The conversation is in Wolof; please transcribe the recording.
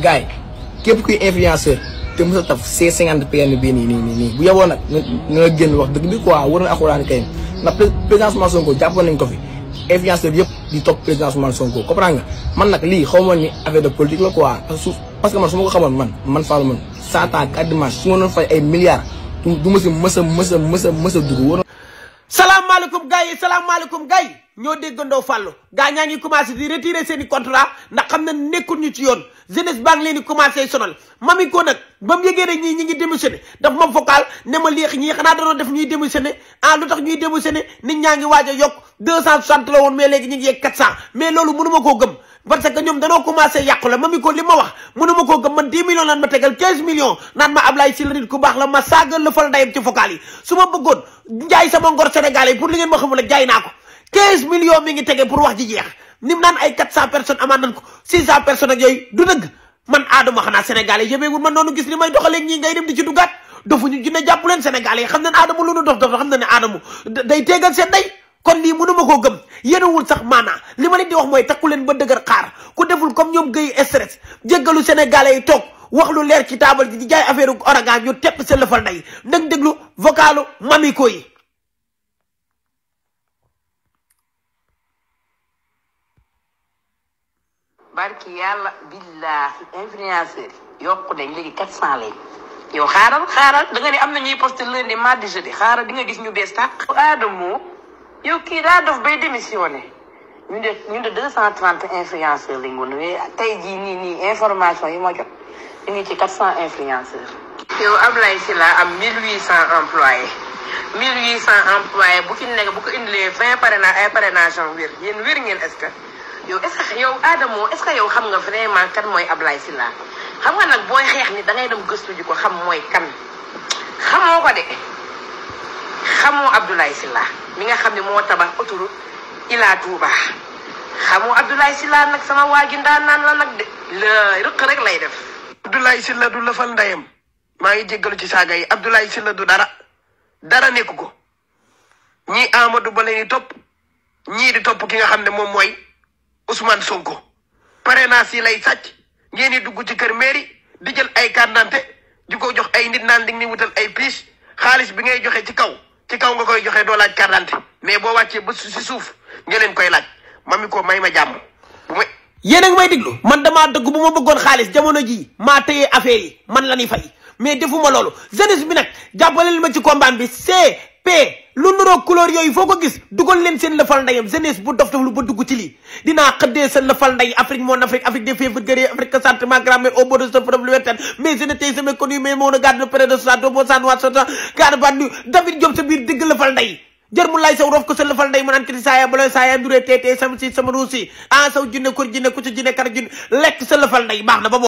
gars yi képp kuy influenceur te mos a taf C50 PN bii nii nii bu yeboo nag nga génn wax dëgg bi quoi war na alxuraan kay ndax président Sonko jàppoon nañ ko fi influenceur yëpp di topp président Ousmane Sonko comprends nga man nag lii xaw ma ni affaire de politique la quoi parce que man su ko xamoon man man Fallou man cent ans quatre dimanche su ma doon fay ay milliards du ma si mës a mës a mës a mës a ñoo déggandoo fàllu gaa ñaa ngi commencé di retirer seen i contrat ndax xam na nekkul ñu ci yoon jeunesse baa ngi leen commencé sonal mami ko nag ba mu yëgee rek ñii ñi ngi démissionné daf ma vocal ne ma léex ñii xanaa danoo def ñuy démissionné ah lu tax ñuy démissionné nit ñaa ngi waaj a yokk deux cent soixante la woon mais léegi ñu ngi yegg quatre cent mais loolu mënu ma koo gëm parce que ñoom danoo commencé yàqu la mami li ma wax mënu ma koo gëm man dix millions naan ma tegal quinze millions naan ma Ablaye si la nit ku baax la ma saagal la ngor sénégalais pour li ngeen ma xamul ko quinze millions mi ngi tege pour wax ji jeex ni mu naan ay quatre cent personnes amaan nañ ko six cent personnes ak yooyu du dëgg man Adama xanaa Sénégal yi yëmeewul man noonu gis li may doxalee ñii ngay dem di ci dugaat dofuñu jinne jàpp leen Sénégal yi xam nañ Adama lu nu dof dof xam nañ ne Adama day teegal seen day kon lii mënuma koo gëm yéenewul sax maanaa li ma leen di wax mooy takku leen ba dëgër xaar ku deful comme ñoom gëy stress jéggalu sénégalais yi toog lu leer ci taabal ji di jaay affaire ouragan ñu tepp sa lëfal nday nag déglu vocalu mamiko yi barki yàlla billaahi influenceur yokku dañ léegi quatre cent lañ yow xaaral xaaral da nga am na ñuy posté lundi mardi jeudi xaaral di nga gis ñu bees tàq aadamoo yow kii daa dof bay démissionné ñu de ñu de deux cent trente influenceur lañ woon mais tey jii nii nii information yi ma jot ñu ngi ci quatre cent influenceur yow Ablaye Sylla am mille huit cent employés mille huit cent employés bu ki nekk bu ko indilee vingt parrainage ay parrainage en wér yéen wér ngeen yow est ce que yow Adamo est ce que yow xam nga vraiment kan mooy Ablaye Sylla xam nga nag booy xeex ni da ngay dem gëstu ji ko xam mooy kan xamoo ko de xamoo Abdoulaye Sylla mi nga xam ne moo tabax autoroute Ila Touba xamoo Abdoulaye Sylla nag sama waa ji ndaa naan la nag de la rëq rek lay def. Abdoulaye Sylla du lafal ndeyam maa ngi jéggalu ci saaga yi Abdoulaye Sylla du dara dara nekku ko ñii du Ba la topp ñii di topp ki nga xam ne moom mooy. Ousmane Sonko parrainage si lay sàcc ngeen di dugg ci kër mairie di jël ay carte d'identité di jox ay nit naan di ni wutal ay pièces xaalis bi ngay joxe ci kaw ci kaw nga koy joxe doo laaj carte mais boo wàccee ba si suuf ngeen leen koy laaj mami ko may ma jàmm bu may. yéen man damaa dëgg bu ma bëggoon xaalis jamono jii maa téye affaire yi man la ñuy fay mais defuma loolu jeunesse bi nag jàppaleel ma ci combat bi c'est pee lu nuroo couleur yooyu foo ko gis dugal leen seen lëfal ndeyam jeunesse bu dof dof lu ba dugg ci lii dinaa xëddee sa lëfal ndey Afrique mon Afrique Afrique des fièvres guerriers Afrique que sente ma grand-mère au de ce problème wettan mais je n'étais jamais connu mais moo na garde près de sa doo boo sanwa sota garbat nu David Diop sa biir dëgg lëfal ndey jër mu laay saw rof ko sa lëfal ndey mu naan saaya baloy saaya nduree teetee sam si sama ruusi ah saw jinne kur jinne kar jinne lekk sa lëfal ndey baax